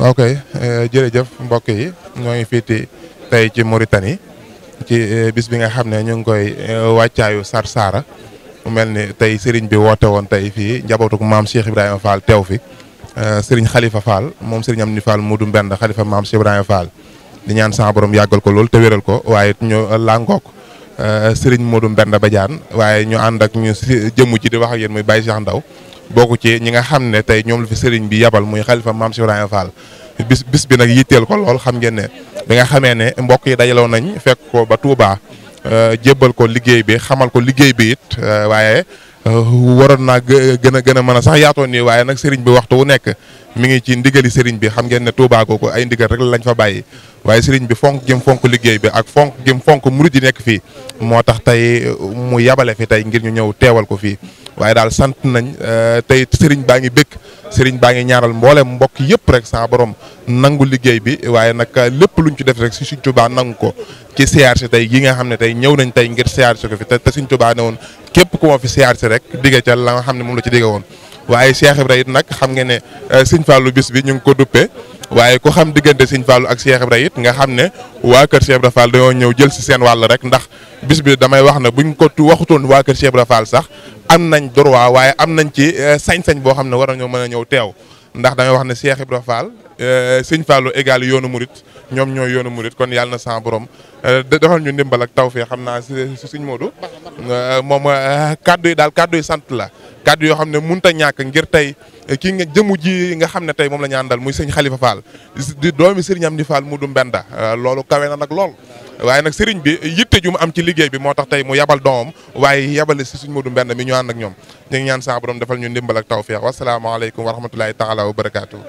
ok eh, jërëjëf mbokk yi ñoo ngi fiiti tey ci Mauritanie ci eh, bis bi nga xam ne ñu ngi koy eh, wàccaayu Sarsara mu mel ni tey sëriñ bi woote woon tey fii njabootuk maam Cheikh Ibrahima Fall teew fi sëriñ Khalifa Fall moom am Amdi Fall Moodu Mbend Khalifa maam Cheikh Ibrahima Fall di ñaan sa borom yàggal ko lool te wéral ko waaye ñu làngook sëriñ Moodu Mbend Badiane waaye ñu ànd ak ñu jëmm ci di wax ak yéen muy Baye Cheikh Ndaw bokku ci ñi nga xam ne tey ñoom lu fi sëriñ bi yabal muy xalifa maam Cheikh Ibrahima Fall bis bi nag yitteel ko lool xam ngeen ne bi nga xamee ne mbokk yi dajaloon nañ fekk ko ba Touba euh, jébbal ko liggéey bi xamal ko liggéey bi it euh, waaye euh, waroon naa gën a gën a mën a sax yaatoon nii waaye nag sëriñ bi waxtu wu nekk mu ngi ci ndigali sëriñ bi xam ngeen ne Touba googu ay ndigal rek lañ fa bàyyi waaye sëriñ bi fonk gim fonk liggéey bi ak fonk gim fonk murid yi nekk fii moo tax tey mu yabale fi tey ngir ñu ñëw teewal ko fii waaye daal sant nañ euh, tey sëriñ baa ngi bëgg sëriñ baa ngi ñaaral mboolem mbokk yëpp rek saa boroom nangu liggéey bi waaye nag euh, lépp luñ ci def rek si Sëriñ Tuubaa nangu ko ci siyaar tey yi nga xam ne tey ñëw nañ tey ngir siyaar ko fi te te Sëriñ Tuubaa ne woon képp ku fi siyaar rek digge ca la xam ne moom la ci digge woon waaye Cheikh Ibrahima it nag xam nga ne euh, Sëriñ Fallou bis bi ñu ngi ko duppee waaye ku xam diggante siñ Fallu ak Cheikh Ibra it nga xam ne waa kër Cheikh Ibra Fall dañoo ñëw jël si seen wàll rek ndax bis bi damay wax ne buñ ko waxutoon waa kër Cheikh Ibra Fall sax am nañ droit waaye am nañ ci eh, sañ-sañ boo xam ne war nañoo mën a ñëw teew ndax damay wax ne Cheikh Ibra Fall Eh, sëñ Fallou égal yoonu murit ñoom ñooy yoonu murit kon yàlla na sa borom eh, defal ñu ndimbal ak tawfeex xam naa si sëñ Modou eh, moom kàddu yi daal kàddu yi sant la kàddu yoo xam ne mënut a ñàkk ngir tey kii nga jëmu ji nga xam ne tey moom la ñu àndal muy sëñ Khalifa Fall di doomi sëriñ Amdi Fall mu du Mbenda loolu kawe na nag lool waaye nag sëriñ bi yitte ju mu am ci liggéey bi moo tax tey mu yabal doom waaye yabale si suñ Modou Mbenda mi ñu ànd ak ñoom ñu ngi ñaan sa borom defal ñu ndimbal ak tawfeex wasalaamaaleykum wa rahmatulahi taala wa barakaatu